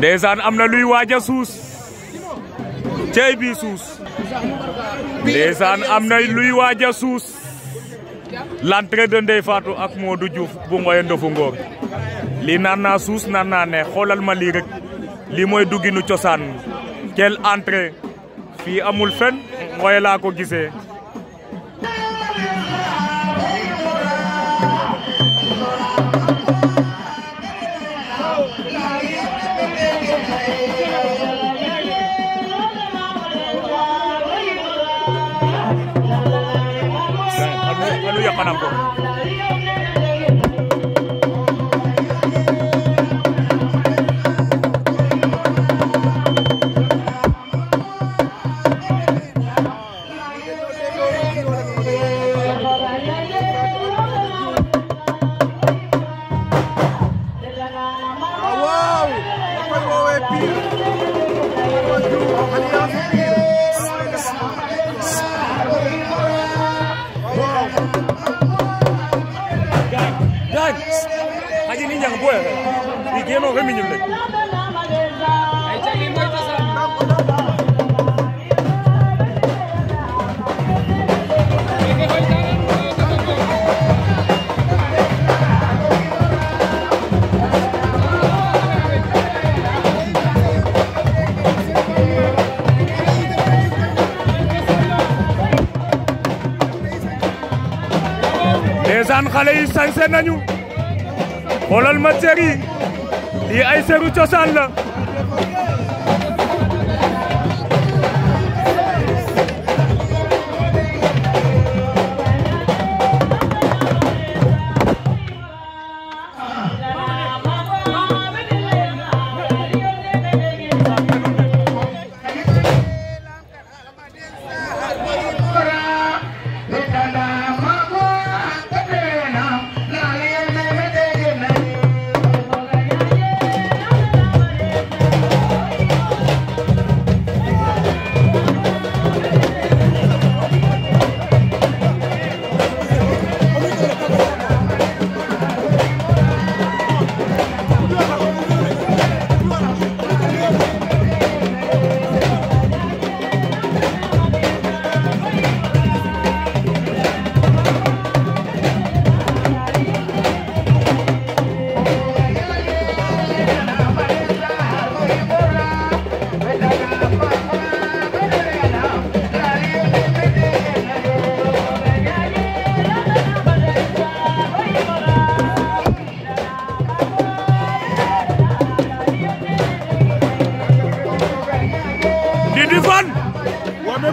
ndeysaan am na luy waaj a suus cey bii suus ndeysaan am na luy waaj a suus l'entrée de Ndeye Fatou ak Modou Diouf bu Ngoye Ndofu Ngor lii naan naa suus naan naa ne xoolal ma lii rek lii mooy dugginu cosaan quelle entrée fii amul fen Ngoye laa ko gisee Panambo. Les 뭐야 이게 뭐 회민율래 xoolal ma ceri lii ay seru cosaan la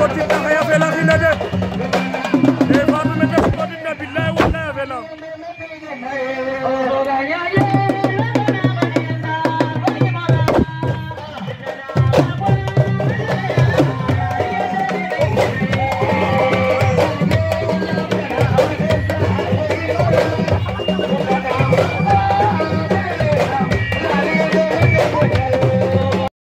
Don't you